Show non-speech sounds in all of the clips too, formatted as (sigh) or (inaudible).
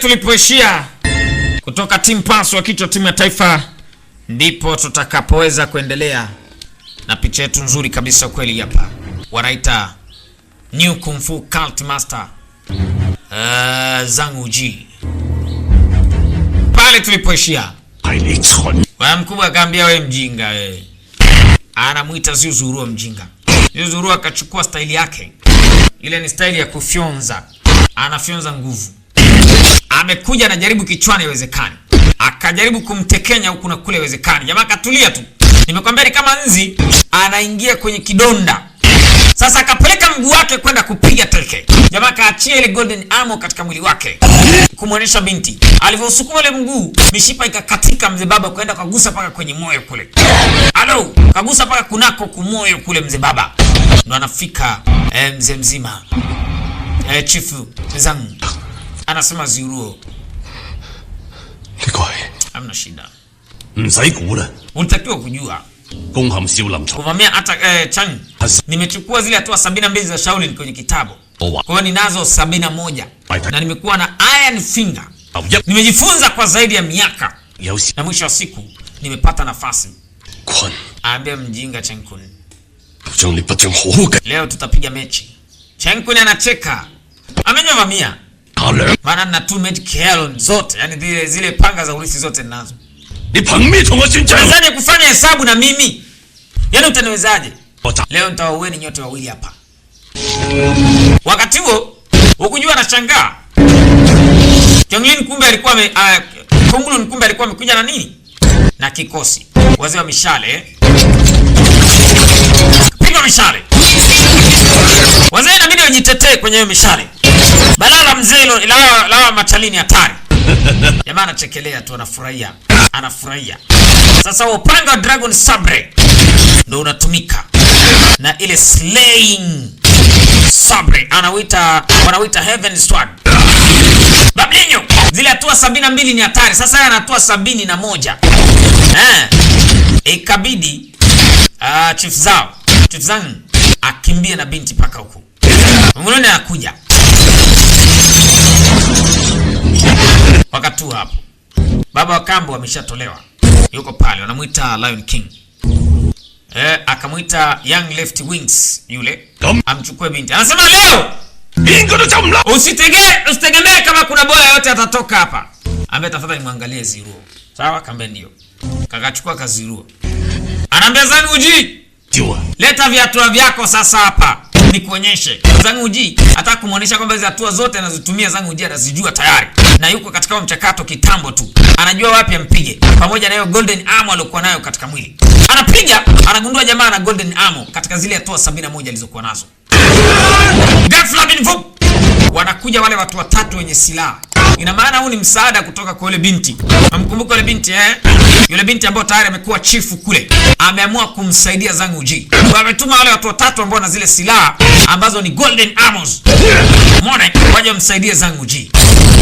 tulipoishia kutoka timu pass wa kichwa timu ya taifa, ndipo tutakapoweza kuendelea na picha yetu nzuri kabisa kweli. Hapa wanaita new kung fu cult master uh, Zhang Uji pale tulipoishia. Wewe mkubwa akaambia wewe mjinga wewe, anamuita Zuzuruwa mjinga. Zuzuruwa akachukua staili yake, ile ni staili ya kufyonza, anafyonza nguvu amekuja anajaribu kichwani, iwezekani Akajaribu kumtekenya huku na kule, iwezekani. Jamaa katulia tu, nimekwambia ni kama nzi anaingia kwenye kidonda. Sasa akapeleka mguu wake kwenda kupiga teke, jamaa kaachia ile golden arm katika mwili wake kumwonyesha binti. Alivyosukuma ile mguu, mishipa ikakatika, mzee baba kwenda kagusa paka kwenye moyo kule, alo kagusa paka kunako kumoyo kule, mzee baba ndo anafika. E, mzee mzima, e, eh, chifu zangu anasema Ziruo. Hamna shida. kuura Unatakiwa kujua hamsi ula mtu kuvamia hata eh, Chang. Nimechukua zile hatua sabini na mbili za Shaolin kwenye kitabu. Oh, kwa hiyo ninazo sabini na moja na nimekuwa na iron finger. Nimejifunza kwa zaidi ya miaka ya usi. na mwisho wa siku nimepata nafasi. Aambia mjinga Chen Kun. Leo tutapiga mechi. Chen Kun anacheka. Amenyovamia color. maana na two made kill zote, yani zile zile panga za ulisi zote ninazo. Unawezaje kufanya hesabu na mimi? Yaani utaniwezaje? Leo nitawaueni nyote wawili hapa. Wakati huo ukujua anashangaa. Kyonglin kumbe alikuwa ame uh, ah, Konglun kumbe alikuwa amekuja na nini? Na kikosi. Wazee wa mishale. Piga mishale. Wazee inabidi wajitetee kwenye hiyo mishale. Balala mzee lawa, lawa machalini hatari. (laughs) Jamaa anachekelea tu anafurahia. Anafurahia. Sasa upanga wa Dragon Sabre ndio unatumika na ile slaying Sabre anawita wanawita Heaven Sword. Babinyo, zile hatua sabini mbili ni hatari. Sasa yeye anatua sabini na moja. Eh. Ikabidi ah, chief zao. Chief zangu akimbia na binti paka huko. Mngoni anakuja. wakatua hapo. Baba wa kambo ameshatolewa, yuko pale, wanamwita Lion King. Eh, akamwita Young Left Wings yule amchukue binti, anasema leo usitege usitegemee kama kuna boya yote atatoka hapa. Ambia tafadhali mwangalie Zero. sawa? Kambe ndio kakachukua kaziruo, anaambia zani uji leta viatu vyako sasa hapa nikuonyeshe. Zhang Uji ataka kumwonyesha kwamba hizo hatua zote anazotumia Zhang Uji anazijua tayari na yuko katika mchakato kitambo tu, anajua wapi ampige, pamoja na hiyo golden armor aliyokuwa nayo katika mwili. Anapiga, anagundua jamaa ana golden armor katika zile hatua 71 alizokuwa nazo. Ghafla wanakuja wale watu watatu wenye silaha Ina maana huu ni msaada kutoka kwa yule binti. Namkumbuka yule binti eh? Yule binti ambaye tayari amekuwa chifu kule. Ameamua kumsaidia Zhang Ji. Wametuma wale watu watatu ambao na zile silaha ambazo ni Golden Arrows. Umeona? Waje msaidie Zhang Ji.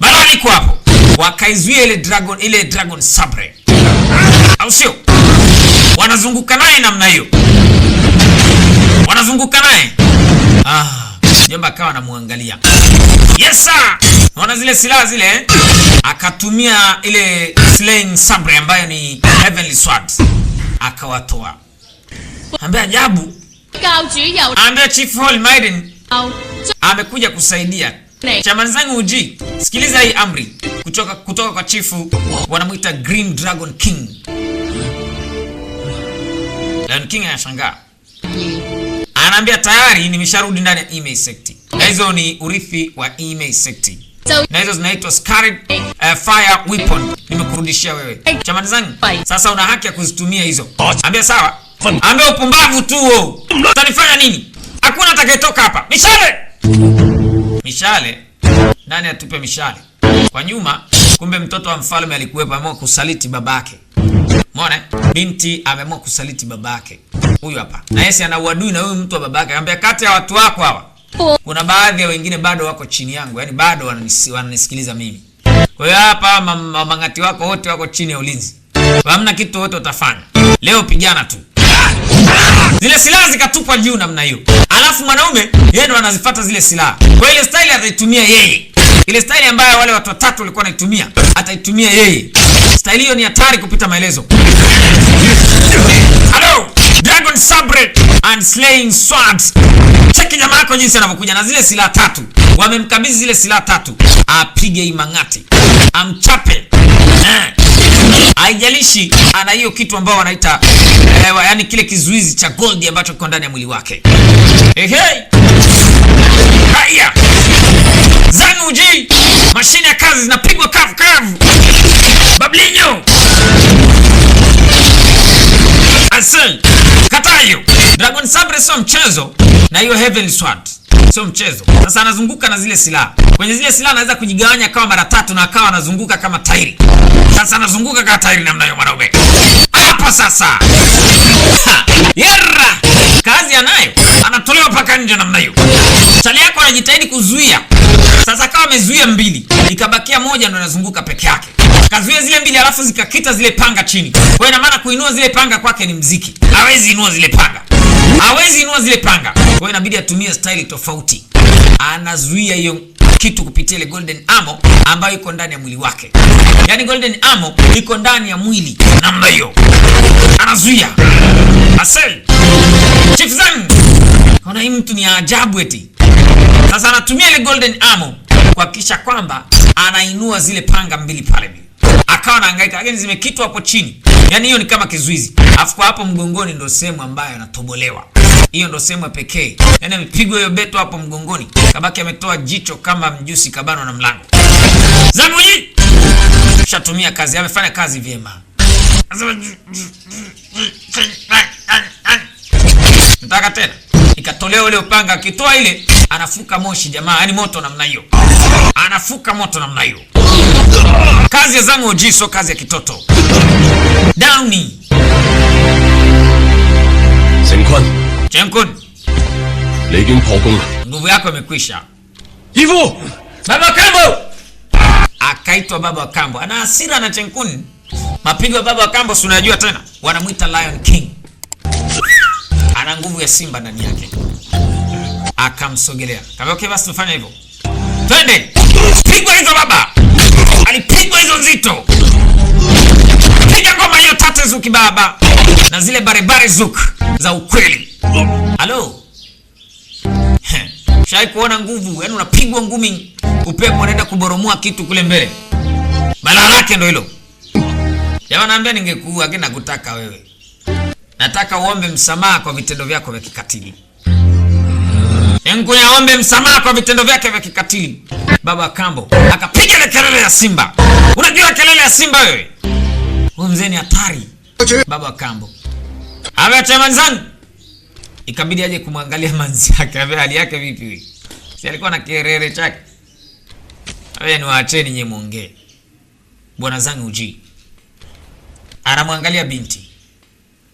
Balaa liko hapo. Wakaizuia ile dragon ile dragon sabre. Au sio? Wanazunguka naye namna hiyo. Wanazunguka naye. Ah, jamba akawa anamwangalia. Yes sir naona zile silaha zile, eh? akatumia ile slaying sabre ambayo ni heavenly sword, akawatoa ambaye ajabu ambaye Chief Hall Maiden amekuja kusaidia chamani zangu uji. Sikiliza hii amri kutoka, kutoka kwa chifu, wanamuita Green Dragon King. Lion King anashangaa, anaambia tayari nimesharudi ndani ya Imei Sekti, na hizo ni urithi wa Imei Sekti na hizo zinaitwa scarred uh, fire weapon. Nimekurudishia wewe chamani zangu, sasa una haki ya kuzitumia hizo. Ambia sawa, ambia upumbavu tu wewe. Utanifanya nini? Hakuna atakayetoka hapa. Mishale, mishale, nani atupe mishale kwa nyuma? Kumbe mtoto wa mfalme alikuwepo, ameamua kusaliti babake. Umeona, binti ameamua kusaliti babake. Huyu hapa na yeye ana uadui na huyu mtu wa babake, anambia kati ya watu wako hawa kuna baadhi ya wengine bado wako chini yangu, yani bado wananisikiliza mimi. Kwa hiyo hapa mamangati wako wote wako chini ya ulinzi, hamna kitu wote utafanya leo, pigana tu. Zile silaha zikatupwa juu namna hiyo, alafu mwanaume yeye ndo anazifuata zile silaha kwa ile style, ataitumia yeye ile style ambayo wale watu watatu walikuwa wanaitumia, ataitumia yeye. Style hiyo ni hatari kupita maelezo. Hello, Dragon Sabre and Slaying Swords. Cheki jamaa yako jinsi anavyokuja na zile silaha tatu, wamemkabidhi zile silaha tatu, apige imang'ati, amchape eh. haijalishi ana hiyo kitu ambao wanaita eh, yani kile kizuizi cha gold ambacho kiko ndani ya mwili wake. Ehe, haya zanuji, mashine ya kazi zinapigwa kavu kavu, bablinyo asel katayo. Dragon Sabre sio mchezo, na hiyo heaven sword sio mchezo. Sasa anazunguka na zile silaha, kwenye zile silaha anaweza kujigawanya kama mara tatu, na akawa anazunguka kama tairi. Sasa anazunguka kama tairi namna hiyo, mwanaume hapo. Sasa yera, kazi anayo, anatolewa mpaka nje namna hiyo. Chali yako anajitahidi kuzuia, sasa akawa amezuia mbili, ikabakia moja, ndo anazunguka peke yake kazuia zile mbili alafu zikakita zile panga chini. Kwa hiyo ina maana kuinua zile panga kwake ni mziki, hawezi inua zile panga hawezi inua zile panga, kwa hiyo inabidi atumie style tofauti. Anazuia hiyo kitu kupitia ile golden ammo ambayo iko ndani ya mwili wake, yaani golden ammo iko ndani ya mwili namna hiyo, anazuia asel Chief Zang. Kuna hii mtu ni ajabu eti. Sasa anatumia ile golden ammo kuhakikisha kwamba anainua zile panga mbili pale akawa anahangaika, lakini zimekitwa hapo chini yani hiyo ni kama kizuizi. Alafu kwa hapo mgongoni ndio sehemu ambayo anatobolewa. Hiyo ndio sehemu ya pekee. Yaani amepigwa hiyo beto hapo mgongoni. Kabaki ametoa jicho kama mjusi kabano na mlango. Zamuji! Shatumia kazi, amefanya kazi vyema. Nataka tena. Ikatolewa ule upanga akitoa ile anafuka moshi jamaa, yani moto namna hiyo, anafuka moto namna hiyo. Kazi ya Zhang Oji sio kazi ya kitoto. Downy nguvu yako imekwisha. Hivyo baba Kambo akaitwa baba Kambo, ana hasira na Chen Mapigo ya baba Kambo si unajua tena, wanamwita Lion King, ana nguvu ya simba ndani yake akamsogelea. Kama okay, basi tufanye hivyo, twende. Pigwa hizo baba, alipigwa hizo nzito, piga ngoma hiyo tate zuki baba, na zile barebare zuk za ukweli. Halo, shai kuona nguvu, yaani unapigwa ngumi, upepo unaenda kuboromoa kitu kule mbele. Balaa lake ndo hilo. Jamaa naambia ningekuua, lakini nakutaka wewe, nataka uombe msamaha kwa vitendo vyako vya kikatili. Engu nkuyaombe msamaha kwa vitendo vyake vya kikatili. Baba Kambo akapiga ile kelele ya simba. Unajua kelele ya simba wewe? Huyu mzee ni hatari. Baba Kambo ameacha manzani, ikabidi aje kumwangalia manzi yake, ambaye hali yake vipi wewe? Si alikuwa na kerere chake. Wewe ni waacheni nyinyi muongee, bwana zangu uji. Anamwangalia binti,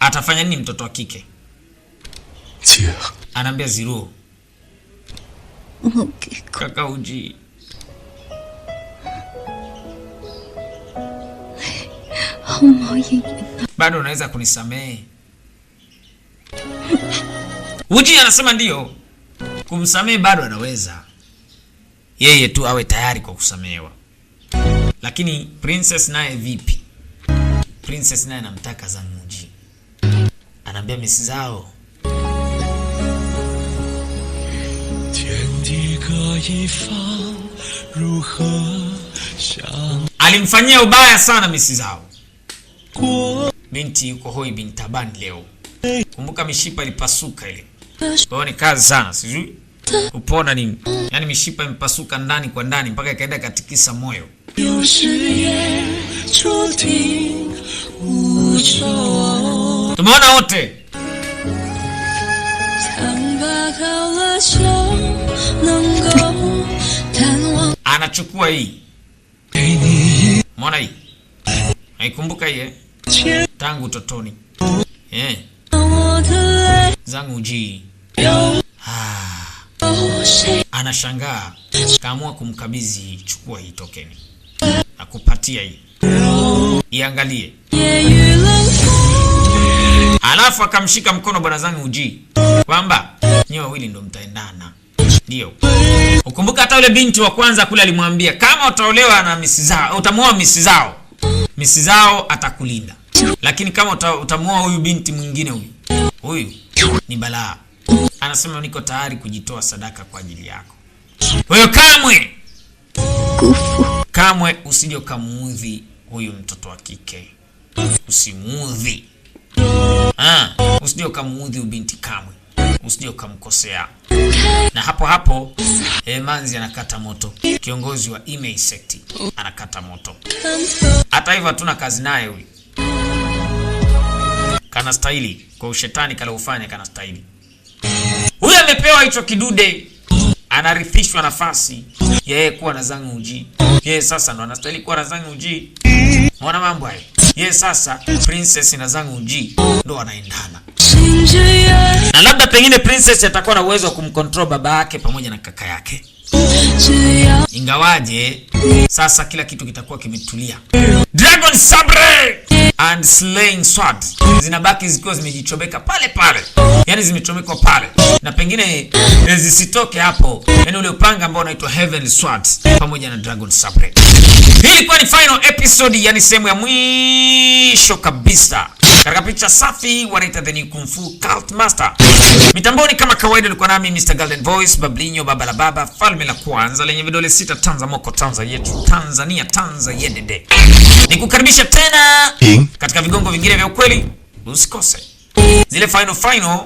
atafanya nini mtoto wa kike? Tia. Anaambia zero. Bado unaweza kunisamehe? Uji anasema ndio. Kumsamehe bado anaweza. Yeye tu awe tayari kwa kusamehewa. Lakini princess naye vipi? Princess naye anamtaka Muji. Anaambia misi zao alimfanyia ubaya sana misi zao. Binti yuko hoi bintaban leo, kumbuka mishipa ilipasuka ile, kwa ni kazi sana, sijui upona ni yani mishipa imepasuka ndani kwa ndani mpaka ikaenda katikisa moyo. Tumeona wote Anachukua hii. Mwana hii. Haikumbuka hii eh? Tangu totoni. Eh. Zangu ji. Ah. Anashangaa. Kaamua kumkabidhi, chukua hii tokeni. Nakupatia hii. Iangalie. Alafu akamshika mkono bwana zangu ji. Kwamba nyewe wawili ndo mtaendana. Ndio. Ukumbuka hata yule binti wa kwanza kule alimwambia kama utaolewa na misi zao, utamuoa misi zao. Misi zao atakulinda. Lakini kama utamuoa huyu binti mwingine huyu, huyu ni balaa. Anasema niko tayari kujitoa sadaka kwa ajili yako. huyo kamwe kamwe usije ukamuudhi huyu mtoto wa kike. Usimuudhi. Ah, usije ukamuudhi ubinti kamwe usije ukamkosea. Na hapo hapo eh, Manzi anakata moto, kiongozi wa Imei sect anakata moto. Hata hivyo hatuna kazi naye huyu, kanastahili kwa ushetani kaliofanya, kanastahili huyu. Amepewa hicho kidude, anarithishwa nafasi yeye kuwa na uji Yeye sasa ndo anastahili kuwa na uji. Mwana mambo haya yeye sasa princess na uji ndo anaendana na labda pengine princess atakuwa na uwezo wa kumcontrol baba yake pamoja na kaka yake, ingawaje sasa kila kitu kitakuwa kimetulia. Dragon Sabre and Slaying Sword zinabaki zikiwa zimejichomeka pale pale, yani zimechomekwa pale, na pengine zisitoke hapo, yani ule upanga ambao unaitwa Heaven Sword pamoja na Dragon Sabre. Hii ilikuwa ni final episode, yani sehemu ya mwisho kabisa katika picha safi wanaita the new kung fu cult master. Mitamboni kama kawaida, ulikuwa nami Mr Golden Voice Bablinyo, baba la baba, falme la kwanza lenye vidole sita, Tanza moko, Tanza yetu, Tanzania, Tanza yedede. Nikukaribisha tena katika vigongo vingine vya ukweli, usikose zile final final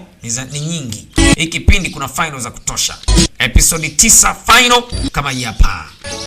ni nyingi. Hii kipindi kuna final za kutosha, episode 9 final kama hapa.